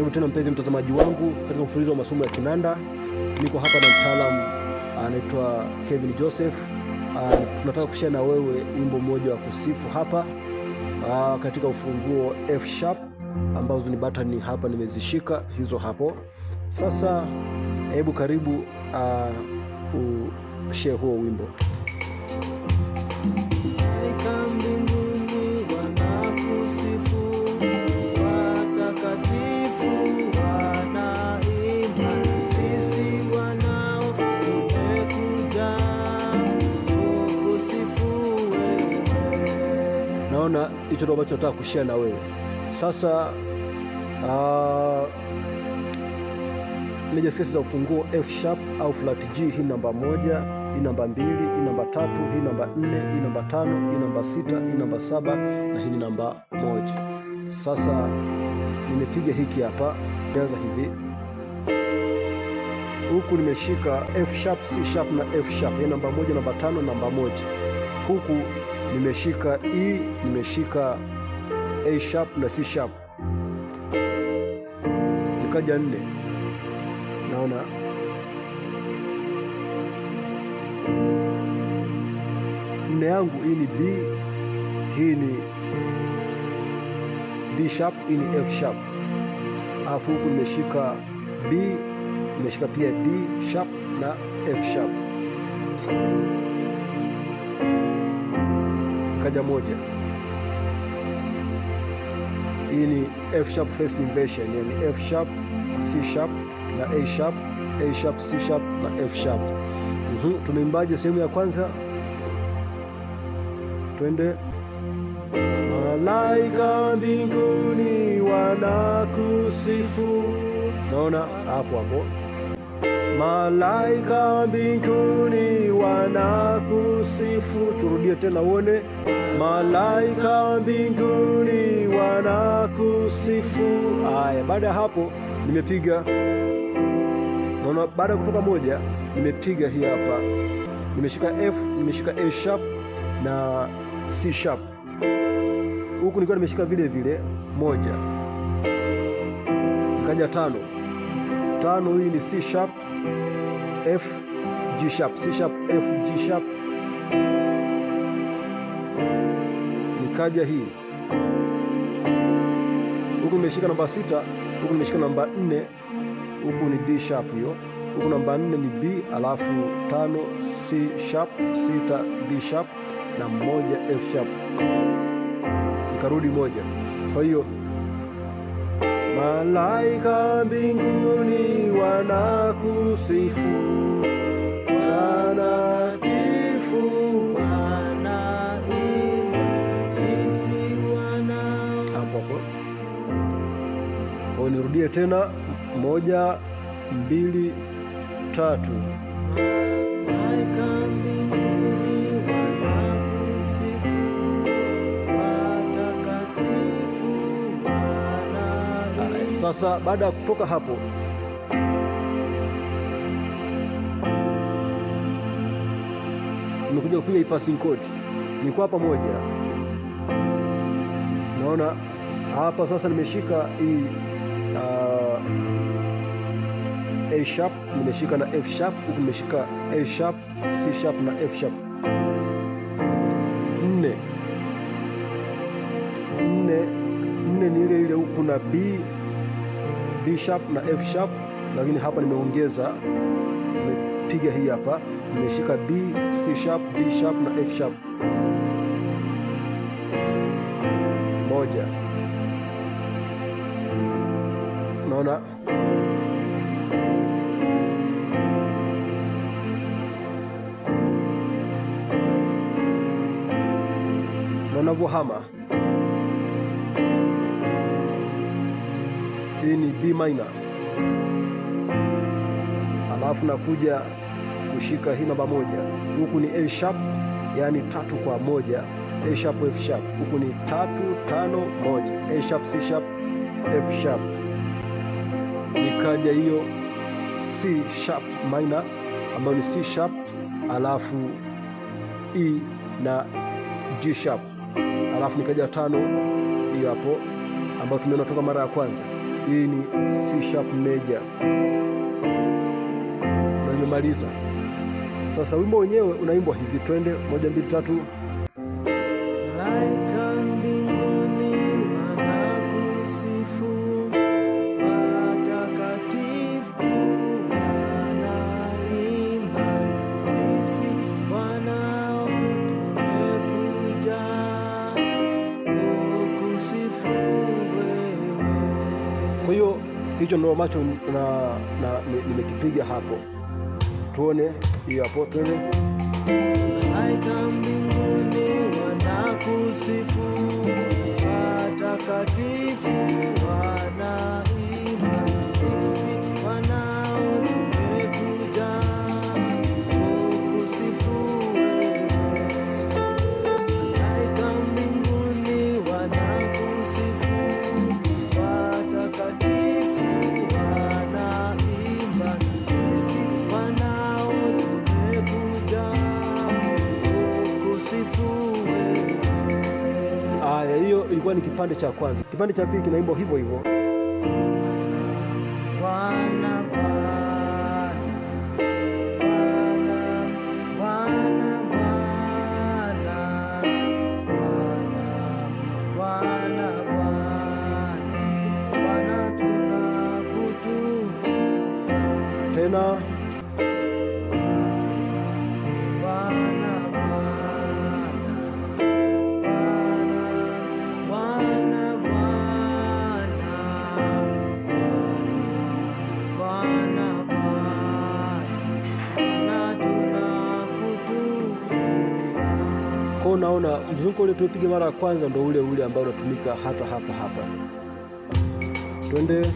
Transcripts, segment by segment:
Karibu tena mpenzi mtazamaji wangu katika mfululizo wa masomo ya kinanda. Niko hapa na mtaalam anaitwa Kevin Joseph. Uh, tunataka kushare na wewe wimbo mmoja wa kusifu hapa uh, katika ufunguo F sharp ambazo ni batani hapa nimezishika hizo hapo. Sasa hebu karibu uh, ah, ushare huo wimbo. hicho ndio ambacho nataka kushare na wewe sasa. Uh, za ufunguo F sharp au flat G, hii namba moja, hii namba mbili, hii namba tatu, hii namba nne, hii namba tano, hii namba sita, hii namba saba na hii ni namba moja. Sasa nimepiga hiki hapa, nianza hivi huku nimeshika F sharp, C sharp na F sharp, hii namba moja, namba tano, namba moja huku nimeshika E, nimeshika A sharp na C sharp, nikaja nne, naona nne yangu hii ni B, hii ni D sharp, hii ni F sharp, alafu huku nimeshika B, nimeshika pia D sharp na F sharp kaja moja. Hii ni F sharp first inversion, yani F sharp C sharp na A sharp, A sharp C sharp na F sharp. Mhm, tumeimbaje sehemu ya kwanza? Twende. Malaika mbinguni wanakusifu. Naona hapo hapo Malaika mbinguni wanakusifu. Turudie tena uone. Malaika mbinguni wanakusifu. aya baada ya hapo nimepiga, naona baada ya kutoka moja nimepiga hii hapa, nimeshika F, nimeshika A sharp na C sharp, huku nikiwa nimeshika vile vile moja, nikaja tano tano hii ni C sharp F G sharp, C sharp F G sharp. Nikaja hii huku nimeshika namba sita, huku nimeshika namba nne, huku ni D sharp hiyo, huku namba nne ni B, alafu tano C sharp, sita D sharp na moja F sharp, nikarudi moja, kwa hiyo malaika mbinguni wanakusifu Bwana tifu wanaimba sisi wana hapo. Nirudie tena, moja, mbili, tatu malaika mbinguni Sasa baada ya kutoka hapo nimekuja kupiga hii passing code, nilikuwa pamoja, naona hapa sasa nimeshika hii uh, A sharp nimeshika na F sharp, huku nimeshika A sharp, C sharp na F sharp. Nne nne nne ni ile ile huku na B B sharp na F sharp, lakini hapa nimeongeza, nimepiga hii hapa, nimeshika B, C sharp, D sharp na F sharp. Moja, unaona unavyohama hii ni B minor, alafu nakuja kushika hii namba moja, huku ni A sharp, yaani tatu kwa moja, A sharp F sharp, huku ni tatu tano moja, A sharp C sharp F sharp, nikaja hiyo C sharp minor ambayo ni C sharp, alafu E na G sharp, alafu nikaja tano hiyo hapo ambayo tumeona toka mara ya kwanza hii ni C sharp major unayomaliza. Sasa wimbo wenyewe unaimbwa hivi, twende moja mbili tatu. hicho ndo ambacho nimekipiga hapo. Tuone hiyo hapo, tuone malaika mbinguni wanakusifu watakatifu wana ni kipande cha kwanza. Kipande cha pili kinaimbwa hivyo hivyo. Kwa naona mzunguko ule tulipiga mara ya kwanza ndio ule ule ambao unatumika hapa hapa hapa. Twende.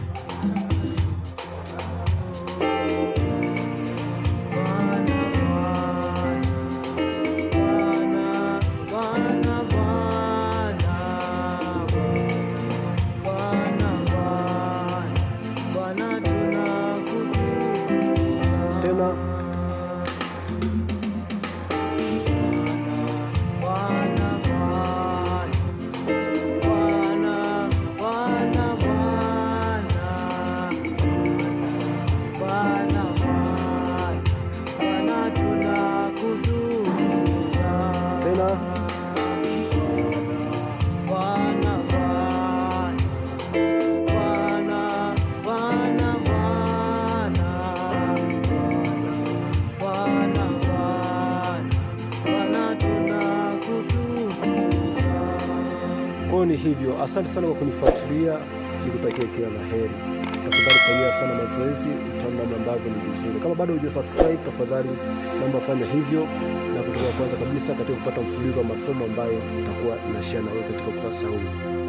Kwayo ni hivyo, asante sana kwa kunifuatilia, nikutakia kila la heri. Tafadhali fanyia sana mazoezi, utaona ambavyo ni vizuri. Kama bado hujasubscribe, tafadhali naomba fanya hivyo, na kutoka kwanza kabisa katika kupata mfululizo wa masomo ambayo nitakuwa na share na wewe katika ukurasa huu.